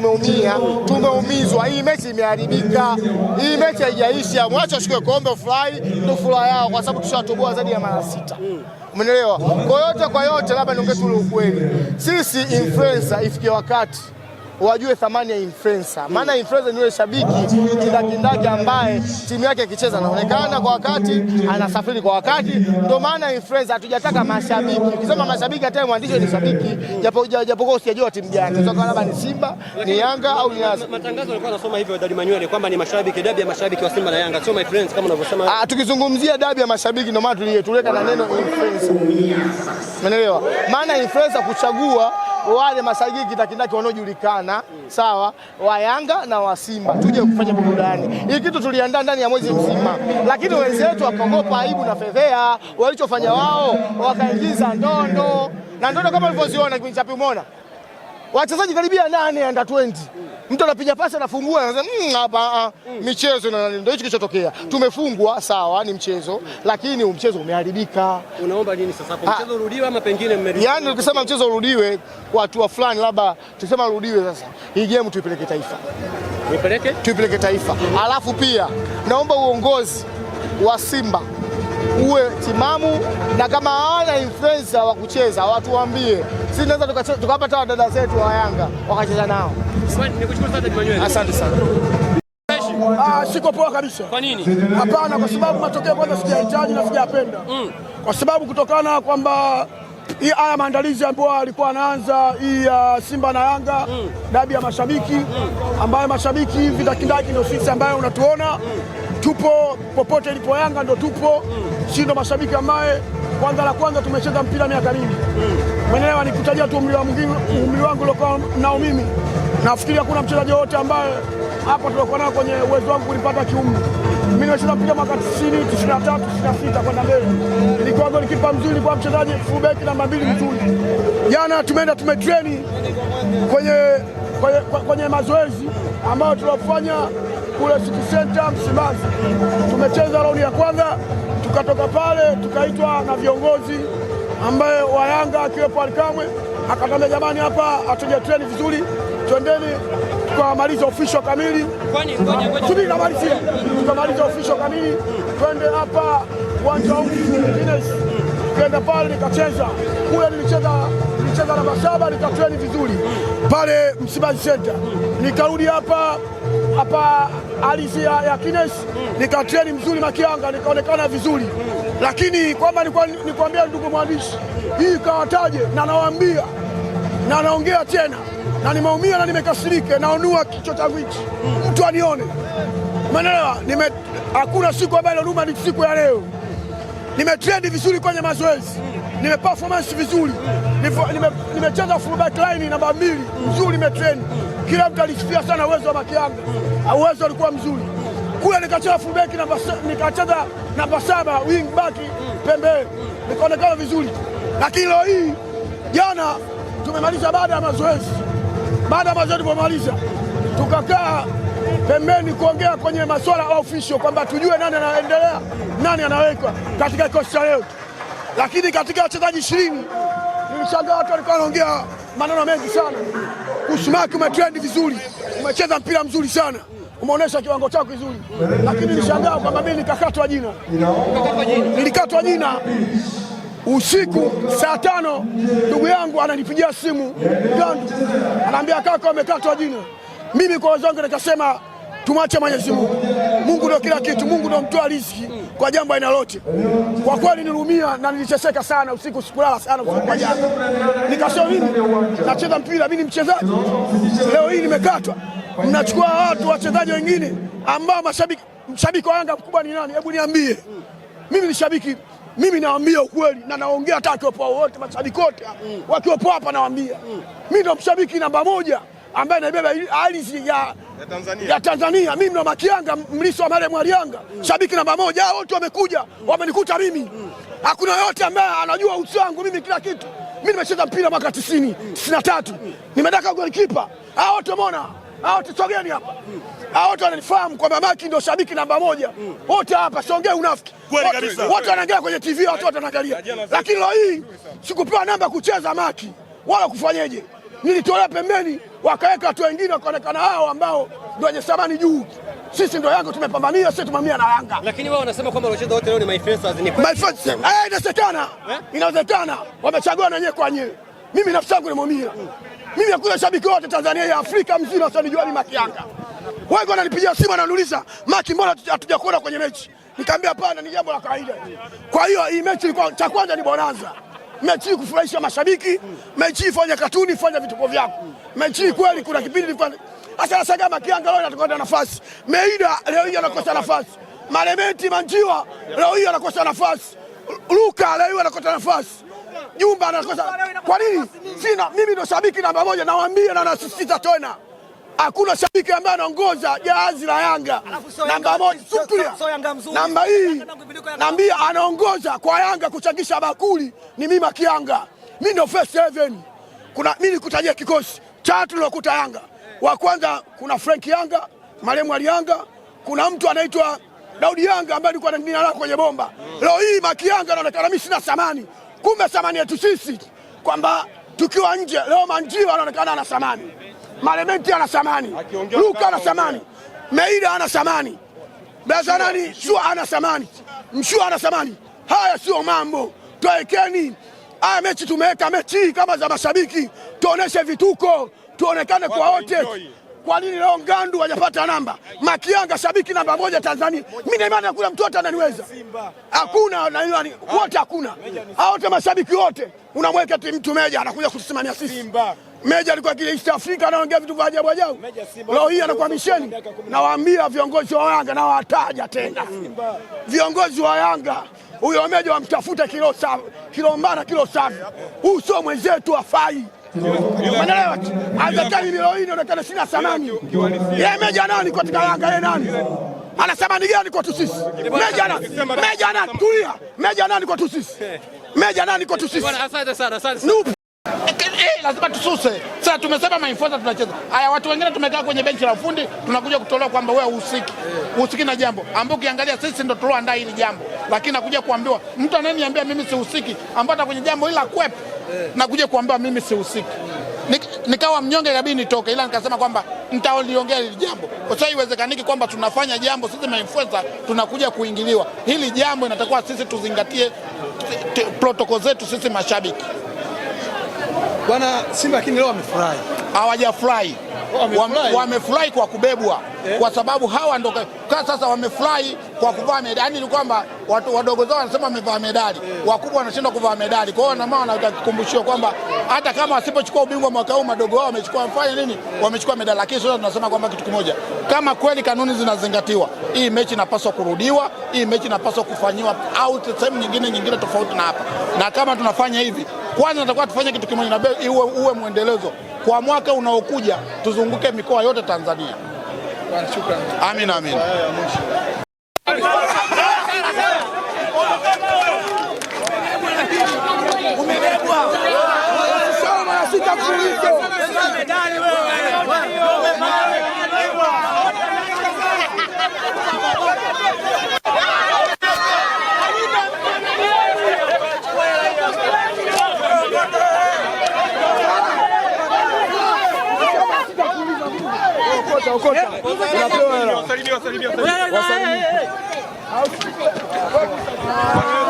tumeumia, tumeumizwa. Hii mechi imeharibika, hii mechi haijaisha. Mwache ashike kombe, furahi ndo furaha yao, kwa sababu tushatoboa zaidi ya mara sita. Umeelewa? Kwa yote kwa yote, labda niongee tu ukweli, sisi influencer, ifikie wakati wajue thamani ya influencer, maana influencer ni yule shabiki kindakindaki ambaye timu yake ikicheza anaonekana kwa wakati, anasafiri kwa wakati. Ndio maana influencer, hatujataka mashabiki. Ukisema mashabiki, hata mwandishi ni shabiki, japo japokuwa usijajua timu gani, labda ni Simba, ni Yanga au ni Yanga. Matangazo yalikuwa yanasoma hivyo Dadi Manuel kwamba ni mashabiki, dabi ya mashabiki wa Simba na Yanga, sio my friends kama unavyosema. Ah, tukizungumzia dabi ya mashabiki, ndio maana tuliweka na neno influencer, umeelewa maana influencer kuchagua wale mashabiki takindaki wanaojulikana sawa, wa Yanga na wa Simba, tuje kufanya burudani hii. Kitu tuliandaa ndani ya mwezi mzima, lakini wenzetu wakaogopa aibu na fedhea. Walichofanya wao wakaingiza ndondo na ndondo, kama ulivyoziona kwenye chapu, umeona wachezaji karibia nane anda 20 mtu anapiga pasi anafungua, anasema mm, hapa ah, mm. michezo na ndio hicho kilichotokea. Mm. Tumefungwa sawa, ni mchezo, lakini mchezo umeharibika. Unaomba nini sasa kwa ah. mchezo urudiwe ama pengine mmerudia? Yani ukisema mchezo urudiwe, watu wa fulani labda tukisema urudiwe, sasa hii game tuipeleke taifa, tuipeleke taifa, alafu pia naomba uongozi wa Simba msimamo, na kama hawana influencer wa kucheza watuambie, sisi tunaweza tukapata taa wadada zetu wa Yanga wakacheza nao. Asante sana. Ah, siko poa kabisa. Kwa nini? Hapana, kwa sababu matokeo kwanza sijahitaji na sijapenda mm. kwa sababu kutokana kwamba hii haya maandalizi ambayo alikuwa anaanza hii ya uh, Simba na Yanga mm. dabi ya mashabiki mm. ambayo mashabiki kindaki ndio sisi ambayo unatuona mm. tupo popote ilipo Yanga ndio tupo mm sisi ndo mashabiki ambaye kwanza la kwanza tumecheza mpira miaka mingi mm. Mwenelewa nikutajia tu umri wangu uliokuwa nao mimi, nafikiri hakuna mchezaji wote ambaye hapa tulikuwa nao kwenye uwezo wangu kulipata kiumri. Mimi nimecheza mpira mwaka 90, 93, 96 kwenda mbele. Nilikuwa golikipa mzuri, nilikuwa mchezaji fullback namba mbili mzuri. Jana tumeenda tumetreni kwenye, kwenye, kwenye mazoezi ambayo tulofanya kule City Center Msimbazi. Tumecheza raundi ya kwanza, tukatoka pale tukaitwa na viongozi ambaye wa Yanga akiwepo Alikamwe akatambia, jamani, hapa hatuja treni vizuri, twendeni tukamaliza official kamili, subiri namalizia, tukamaliza official kamili, twende hapa uwanja wa tukaenda pale nikacheza kule, nilicheza nilicheza namba saba nikatreni vizuri pale Msimbazi Center, nikarudi hapa hapa halisi ya, ya Kines mm. nika treni mzuri Makianga, nikaonekana vizuri mm. Lakini kwamba nikwambia ndugu mwandishi, hii ikawataje, na nawaambia na naongea tena na nimeumia na nimekasirike, naonua kichwa changu hichi mm. mtu anione, umeelewa? Nime hakuna siku ambayo inauma ni siku ya leo. Nimetrendi vizuri kwenye mazoezi, nimeperformance vizuri, nimecheza nime fullback line namba mbili nzuri, nimetrendi kila mtu alisifia sana uwezo wa Makianga, uwezo alikuwa mzuri kule. Nikacheza fullback namba, nikacheza namba saba wing back pembeni, nikaonekana vizuri. Lakini leo hii, jana tumemaliza baada ya mazoezi, baada ya mazoezi tumemaliza, tukakaa pembeni kuongea kwenye masuala official kwamba tujue nani anaendelea, nani anawekwa katika kikosi cha leo. Lakini katika wachezaji ishirini nilishangaa watu walikuwa wanaongea maneno mengi sana. Usumaki umetrendi vizuri, umecheza mpira mzuri sana, umeonyesha kiwango chako kizuri, lakini nishangaa kwamba mimi nikakatwa jina, nilikatwa jina usiku saa tano. Ndugu yangu ananipigia simu Gandu, anaambia kaka, umekatwa jina. Mimi kwa wazangu nikasema Tumwache Mwenyezi Mungu. Mungu ndio kila kitu, Mungu ndio mtoa riziki kwa jambo aina lote. Kwa kweli nilumia na niliteseka sana usiku, sikulala sana usiku jana, nikasema mimi nacheza mpira, mimi ni mchezaji. Leo hii nimekatwa, mnachukua watu wachezaji wengine ambao mashabiki. Mshabiki wa Yanga mkubwa ni nani? Hebu niambie. Mimi ni shabiki, mimi nawambia ukweli na naongea hata wakiwepo wote, mashabiki wote wakiwepo hapa nawaambia, mimi ndio mshabiki namba moja ambaye naibeba ardhi ya ya Tanzania, ya Tanzania. Mimi mna Makianga, mlisi wa Mare Mwalianga, mm. shabiki namba moja. wote wamekuja mm. wamenikuta mimi, mm. hakuna yote ambaye anajua uso wangu mimi, kila kitu. Mimi nimecheza mpira mwaka 90 93, mm. mm. nimedaka golikipa. Hao wote umeona, hao wote sogeni hapa mm. wote wananifahamu kwamba Maki ndio shabiki namba moja mm. wote mm. hapa, siongee unafiki kweli kabisa. Wote wanaangalia kwenye TV, watu wanaangalia, lakini leo hii sikupewa namba kucheza Maki wala kufanyeje, nilitolewa pembeni wakaweka watu wengine wakaonekana hao ambao ndio wenye thamani juu. Sisi ndio Yanga tumepambania, sisi tumamia na Yanga, lakini wao wanasema kwamba walicheza wote leo ni my friends. my friends. Eh, Inawezekana, eh? inawezekana wamechagua na wenyewe kwa wenyewe. Mimi nafsi yangu nimeumia, mimi hakuna shabiki wote Tanzania ya Afrika mzima wasionijua ni Maki Yanga. Wengi wananipigia simu wananiuliza, Maki, mbona hatujakuona kwenye mechi? Nikamwambia hapana, ni jambo la kawaida. Kwa hiyo hii mechi ilikuwa cha kwanza ni bonanza mechi, kufurahisha mashabiki mechi, fanya katuni, fanya vituko vyako mechi kweli, kuna kipindi nilifanya hasa nasaga Makianga leo inatakwenda nafasi, Meida leo hii anakosa nafasi, Malemeti Manjiwa leo hii anakosa nafasi, Luka leo hii anakosa nafasi, Jumba anakosa. Kwa nini? Sina mimi ndo shabiki namba moja, nawaambia na nasisitiza tena hakuna shabiki ambaye anaongoza jahazi la Yanga namba moja sukulia namba hii, naambia anaongoza kwa Yanga kuchangisha bakuli ni mimi Makianga, mimi ndo first seven. Kuna mimi nikutajia kikosi tatu lokuta Yanga. Wa kwanza kuna Frank Yanga, marehemu Ali Yanga, kuna mtu anaitwa Daudi Yanga ambaye alikuwa na jina kwenye bomba. Leo hii Maki Yanga anaonekana mimi sina thamani, kumbe thamani yetu sisi kwamba tukiwa nje leo Manjiwa anaonekana ana thamani, Malementi ana thamani, Luka ana thamani, Meida ana thamani, Bezanani nani Shua ana thamani, Mshua ana thamani. Haya sio mambo, toekeni haya mechi. Tumeweka mechi kama za mashabiki, tuoneshe vituko tuonekane kwa wote. Kwa nini leo Ngandu hajapata namba? Makianga shabiki namba moja Tanzania. Mimi na imani hakuna mtoto ananiweza, hakuna na imani wote, hakuna hao wote, mashabiki wote, unamweka mtu Meja anakuja kutusimamia sisi. Meja alikuwa kile East Africa anaongea vitu vya ajabu ajabu, leo hii anakuwa misheni. Nawaambia viongozi wa Yanga na wataja tena viongozi wa Yanga, huyo Meja wamtafuta kilo safi, kilo mbana, kilo safi. Huyu sio mwenzetu, afai. Umeelewa? Haiwezekani leo hii inaonekana sina samani. Yeye meja nani katika Yanga? Yeye nani ana samani gani kwetu sisi? Meja nani? Meja nani? Tulia. Meja nani kwetu sisi? Meja nani kwetu sisi? Asante sana, asante sana. Eh, lazima tususe. Sasa tumesema mainfoza tunacheza. Haya watu wengine tumekaa kwenye benchi la ufundi tunakuja kutolewa kwamba wewe uhusiki. Uhusiki na jambo. Ambapo ukiangalia sisi ndo tulioandaa hili jambo. Lakini nakuja kuambiwa mtu ananiambia mimi sihusiki, ambapo hata kwenye jambo hili la kwepo na kuja kuambia mimi sihusiki. Nikawa mnyonge, inabidi nitoke, ila nikasema kwamba nitaliongea hili jambo kwa sababu haiwezekaniki kwamba tunafanya jambo sisi mainfluencer tunakuja kuingiliwa. Hili jambo inatakiwa sisi tuzingatie protokoli zetu sisi mashabiki. Bwana Simba lakini leo amefurahi, hawajafurahi wamefurahi kwa kubebwa eh, kwa sababu hawa ndo ka sasa wamefurahi kwa kuvaa medali. Yani ni kwamba wadogo zao wanasema wamevaa medali eh, wakubwa wanashindwa kuvaa medali. Kwa hiyo na maana wanakumbushia kwamba hata kama wasipochukua ubingwa mwaka huu madogo wao wamechukua mfanye nini, eh. wamechukua medali. Lakini sasa tunasema kwamba kitu kimoja, kama kweli kanuni zinazingatiwa, hii mechi inapaswa kurudiwa, hii mechi inapaswa kufanyiwa au sehemu nyingine nyingine tofauti na hapa, na kama tunafanya hivi, kwanza natakuwa tufanye kitu kimoja, na uwe, uwe mwendelezo kwa mwaka unaokuja tuzunguke mikoa yote Tanzania. Amin, amin. Okota. Napewa hela. Wasalimia, wasalimia, wasalimia.